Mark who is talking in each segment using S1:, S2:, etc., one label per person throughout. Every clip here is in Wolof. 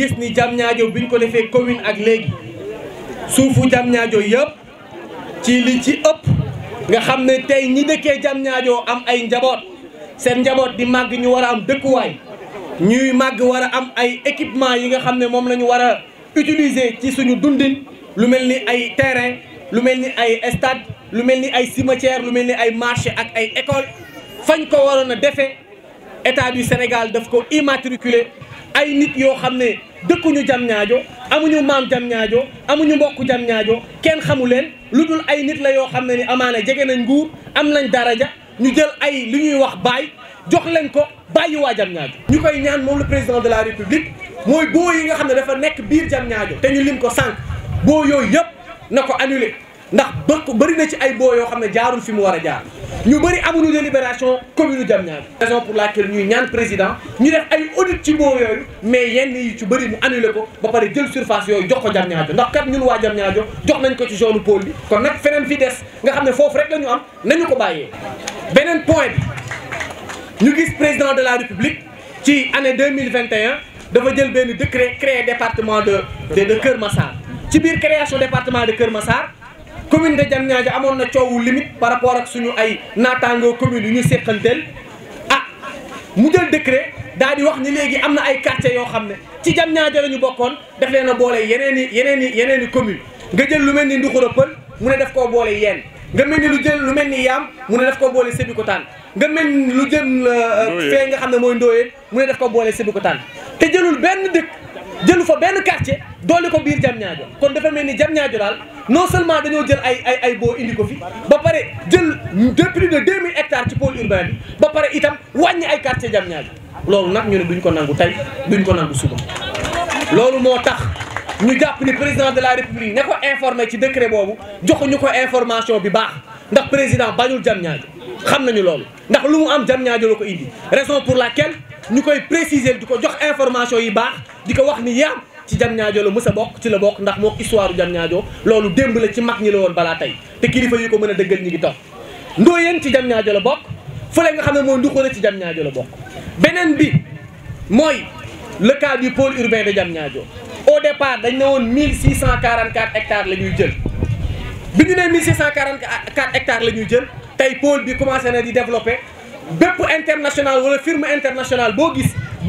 S1: gis ni Diamniadio bi ñu ko defé commune ak léegi suufu Diamniadio yépp ci li ci ëpp nga xamné tay ñi am ay njaboot sen njaboot di mag ñu wara am am way ñuy mag wara am ay équipement yi nga xamné mom lañu wara utiliser ci suñu dundin lu melni ay terrain lu melni ay stade lu melni ay cimetière lu melni ay marché ak ay école fañ ko état du Sénégal daf ko immatriculer ay nit yoo xam ne dëkkuñu jam ñaajo amuñu maam jam ñaajo amuñu mbokk jam ñaajo kenn xamu leen lu dul ay nit la yoo xam ne ni amaana jege nañ nguur am nañ daraja ñu jël ay li ñuy wax baay jox leen ko bàyyi waa jam ñaajo ñu koy ñaan moom le président de la république mooy boo yi nga xam ne dafa nekk biir jam ñaajo te ñu lim ko sànq boo yooyu yëpp na ko annulé ndax bë bëri na ci ay boo yoo xam ne jaarul fi mu war a jaar ñu bëri amuñu délibération commune Diamniadio raison pour laquelle ñuy ñaan président ñu def ay audit ci boo yooyu mais yenn yi ci bëri mu annulé ko ba pare jël surface yooyu jox ko Diamniadio ndax kat ñun waa jo jox nañ ko ci zone pôle bi kon nag feneen fi des nga xam ne foofu rek la ñu am nañu ko bàyyee beneen point bi ñu gis président de la république ci année 2021 dafa jël benn décret créer département de de Kër Massar ci biir création département de Kër Massar commune de Diamniadio amoon na coowu limite par rapport ak suñu ay naataangoo commune yu ñu séqanteel ah mu jël décret daal di wax ni léegi am na ay quartiers yoo xam ne ci Diamniadio la ñu bokkoon daf leen a boole yeneen yeneen i yeneen i commune nga jël lu mel ni Nduxura Pël mu ne def koo boole yeen nga mel ni lu jël lu mel ni Yaam mu ne daf koo boole Sébikotane nga mel ni lu jël euh, fee nga xam ne mooy Ndoye mu ne daf koo boole Sébikotane te jëlul benn dëkk jëlu fa benn quartier doole ko biir Diamniadio kon dafa mel ni Diamniadio daal non seulement dañoo jël ay ay ay boo indi ko fi ba pare jël de plus de 2000 hectares ci pôle urbain bi ba pare itam wàññi ay quartier Diamniadio loolu nag ñu ne duñ ko nangu tey duñ ko nangu suba loolu moo tax ñu jàpp ni président de la république ne ko informé ci décret boobu ñu ko information bi baax ndax président bañul Diamniadio xam nañu loolu ndax lu mu am Diamniadio la ko indi raison pour laquelle ñu koy préciser di ko jox information yi baax di ko wax ni yaam ci jam ñaajo la mës bokk ci la bokk ndax moo histoire jam ñaajo loolu démb la ci mag ñi la woon balaa tey te kilifa yi ko mën a dëggal ñi ngi toog ndooyeen ci jam ñaajo la bokk fële nga xam ne mooy nduxale ci jam ñaajo la bokk beneen bi mooy le cas du pôle urbain de jam ñaajo au départ dañ ne woon 1644 hectares la ñuy jël bi ñu nee 1644 hectares la ñuy jël tey pôle bi commencé na di développé bépp international wala firme internationale boo gis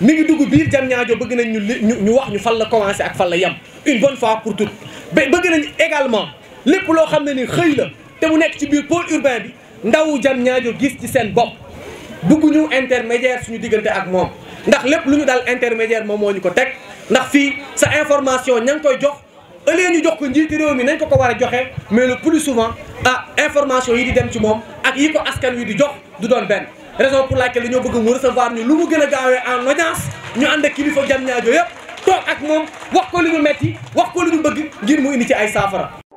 S1: mi ngi dugg biir nous nañ ñu ñu wax nous nous la la une bonne fois pour toutes ba que également lépp loo ni la nous mu nekk ci pôle urbain intermédiaire suñu digënté ak mom ndax intermédiaire mom ko tek ndax fi sa information ñang koy jox jox ko mais le plus souvent ah information yi di dem ci mom ak yi askan wi di jox du doon raison pour laquelle dañoo bëgg mu recevoir ñu lu mu gën a gaawee en audience ñu ànd ak kilifa jam ñaajo yëpp toog ak moom wax ko lu ñu metti wax ko lu ñu bëgg ngir mu indi ci ay saafara